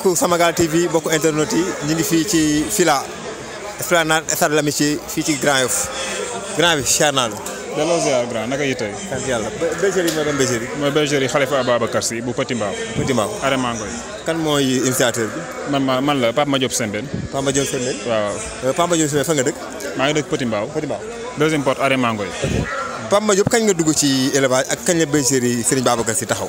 mbokk Samagal TV mbokk internet yi ñu ngi fii ci Fila Esplanade Stade de l'Amitié fii ci Grand Yoff grand bi cher naa la. delloo ziar grand naka yi tey. sant yàlla bergerie mooy ban bergerie. mooy bergerie Khalifa Ababacar Sy bu Petit Mbao. Petit Mbao arrêtement ngoy. kan mooy initiateur bi. man ma man la Pape Madiop Sembène. Pape Madiop Sembène. waaw euh, Pape Madiop Sembène fa nga dëkk. maa ngi dëkk Petit Mbao. Petit Mbao deuxième porte arrêtement ngoy. Pape Madiop kañ nga dugg ci élevage ak kañ la bergerie Serigne Babacar Sy taxaw.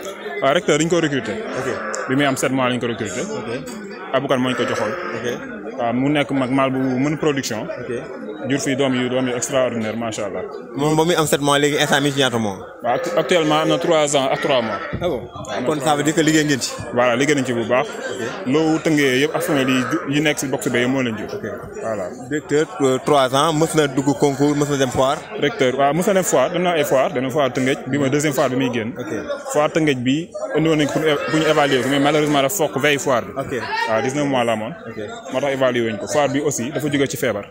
waaw ah, recteur dañu ko recruter. ok bi muy am sept mois lañ ko recruter. ok Aboukan moo ñu ko joxoon. waaw ah, mu nekk mag maal bu mën production. jur fii doom yu doom yu extraordinaire macha allah. moom ba muy am 7 mois léegi instant mi ci ñaata mois. actuellement am na 3 ans ak 3 mois. ah kon ça veut dire que liggéey ngeen ci. voilà liggéey nañ ci bu baax. loo tëngee yëpp ak femelle yi yi nekk si box bi moo leen jur. ok voilà. directeur 3 euh, ans mës na dugg concours mës na dem foire. directeur waaw mës na dem foire dem na ay foire dem na foire tëngëj bi mooy deuxième foire bi muy génn. foire tëngëj bi indi woon nañ pour ñu évaluer ko mais malheureusement dafa fokk veille foire bi. ok waaw 19 mois la amoon. ok moo tax évaluer wuñ ko foire bi aussi dafa jóge ci feebar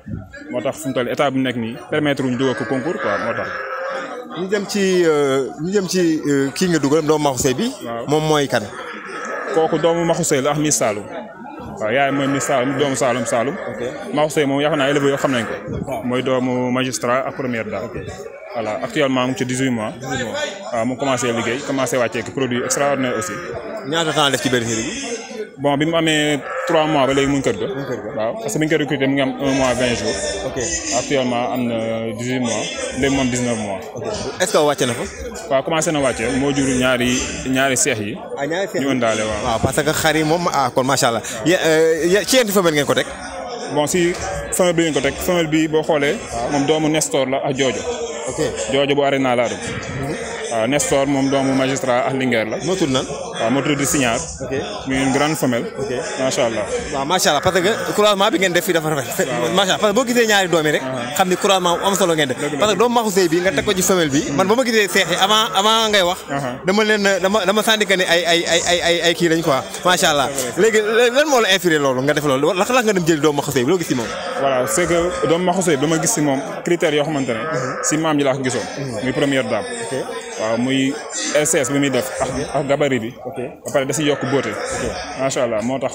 moo tax fu mu toll état bu nekk nii permettre ñu dugal ko concours quoi moo tax. ñu jëm ci euh, ñu ci euh, kii nga dugal doomu Maxusey bi. moom mooy kan. kooku doomu Maxusey la ak Miss Saloum. waaw yaay mooy saalum Saloum doomu Saloum Saloum. ok Maxusey moom yaakaar naa élèves yoo xam nañ ko. mooy doomu magistrat ak première dame. voilà actuellement mu ci 18 mois. 18 mois mu commencé liggéey commencé wàccee produit extraordinaire aussi. ñaata temps def ci bergerie bi. bon bi mu amee trois mois ba léegi mu ngi kër ga. waaw parce que bi ñu koy recruter mu ngi am mois jours. actuellement am na dix huit mois léegi moom dix neuf mois. ok est-ce que wàcce na fa. waaw commencé na wàcce moo jur ñaari ñaari seex yi. Ah, seex yi ñu ëndaale waaw. waaw parce que xar yi moom ah kon macha allah. ya eh, ci yenn femelle ngeen ko teg. bon si femelle bi ko teg femelle bi boo xoolee. moom doomu Nestor la ak Jojo. ok Jojo bu Arena laa dugg. Mhm. Nestor moom doomu magistrat ak Linguère la. noo tudd nan. waaw ah, di tudd Signal. ok muy une grande femelle. ok macha allah. waaw macha allah parce que croisement bi ngeen def fii dafa rafet. macha allah parce que boo gisee ñaari doom yi rek. Ah. xam ni croisement am solo ngeen def. parce que doomu maxu sëy bi nga teg ko ci femelle bi. man ba ma gisee seex yi avant avant ngay wax. Ah. dama leen dama dama sànni que ne ay ay ay ay ay ay kii lañ quoi macha allah léegi lan moo la inspiré loolu nga def loolu lan lan nga dem jëli doomu maxu sëy bi loo gis si moom. voilà c' est que doomu maxu sëy bi dama gis si moom critères yoo si mhm. maam ji laa ko gisoon. Mhm. muy première dame. waaw muy SS bi muy def ak gabarit bi ok ba pare da si yokk boote. macha allah moo tax.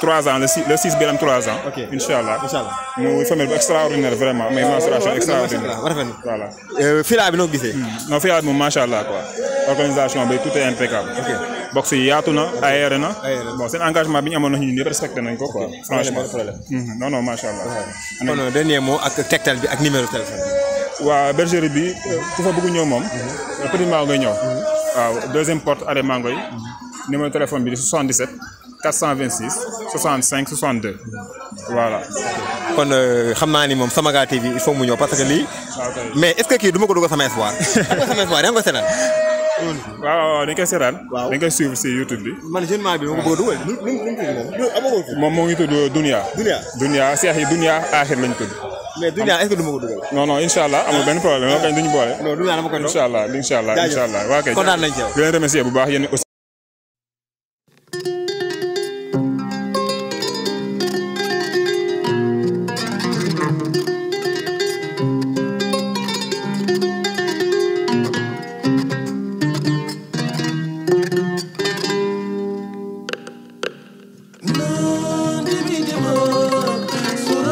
3 ans, le 6, le 3 ans. Ok. Inch'Allah. Inch'Allah. Mu femelle extraordinaire vraiment, mais mensuration extraordinaire. Voilà. Et euh, fila bi noo gisee. Hmm. Non fila bi Mach'Allah, quoi. Organisation tout est impeccable. Ok. box yi yaatu na aéré na. bon un engagement bi nous amoon na ñun quoi. franchement hmm. non non Mach'Allah. Non, kon dernier mot ak tegtal bi ak numéro téléphone bi. bergerie bi euh, ku fa bëgg ñëw Le premier maa ngay ñëw. Mhm. deuxième porte allée Mangoy. Mhm. numéro de téléphone bi 77. 426 65 62 voilà. kon euh, xam naa ni moom Samaga TV il faut mu ñëw parce que lii. mais est que kii du ma ko dugg sama espoir. xam nga sama espoir da nga ko seetaan. waaw waaw dañ koy seetaan. waaw dañ koy suivre si YouTube bi. man jeune maa bi ma a moom moo ngi tudd Dunia. Dunia Dunia aaxir lañ tudd. mais Dunia est que du ma dugal. non non incha benn problème. waaw waaw boole. non Dunia dama koy doon incha allah incha allah bu baax yéen aussi.